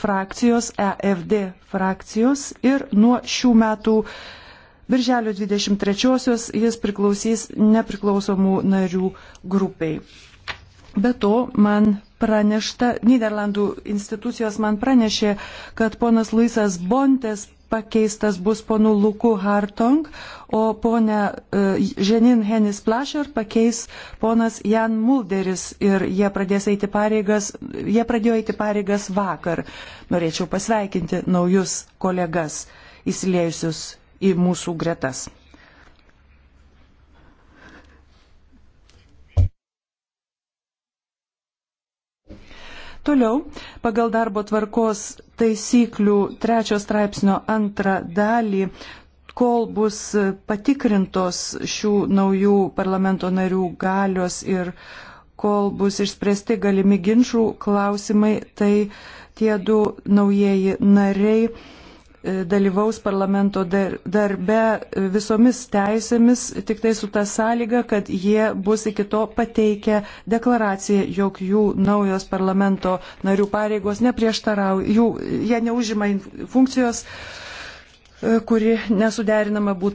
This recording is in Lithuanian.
frakcijos, EFD frakcijos ir nuo šių metų birželio 23-osios jis priklausys nepriklausomų narių grupiai. Be to, man pranešta, Niderlandų institucijos man pranešė, kad ponas Luisas Bontes pakeistas bus ponu Luku Hartong, o ponę e, Ženin Henis Plašer pakeis ponas Jan Mulderis ir jie, eiti pareigas, jie pradėjo eiti pareigas vakar. Norėčiau pasveikinti naujus kolegas įsiliejusius į mūsų gretas. Toliau, pagal darbo tvarkos taisyklių trečio straipsnio antrą dalį, kol bus patikrintos šių naujų parlamento narių galios ir kol bus išspręsti galimi ginčių klausimai, tai tie du naujieji nariai E, dalyvaus parlamento darbe visomis teisėmis, tik tai su ta sąlyga, kad jie bus iki to pateikę deklaraciją, jog jų naujos parlamento narių pareigos neprieštarauja, jų, jie neužima funkcijos, e, kuri nesuderinama būtų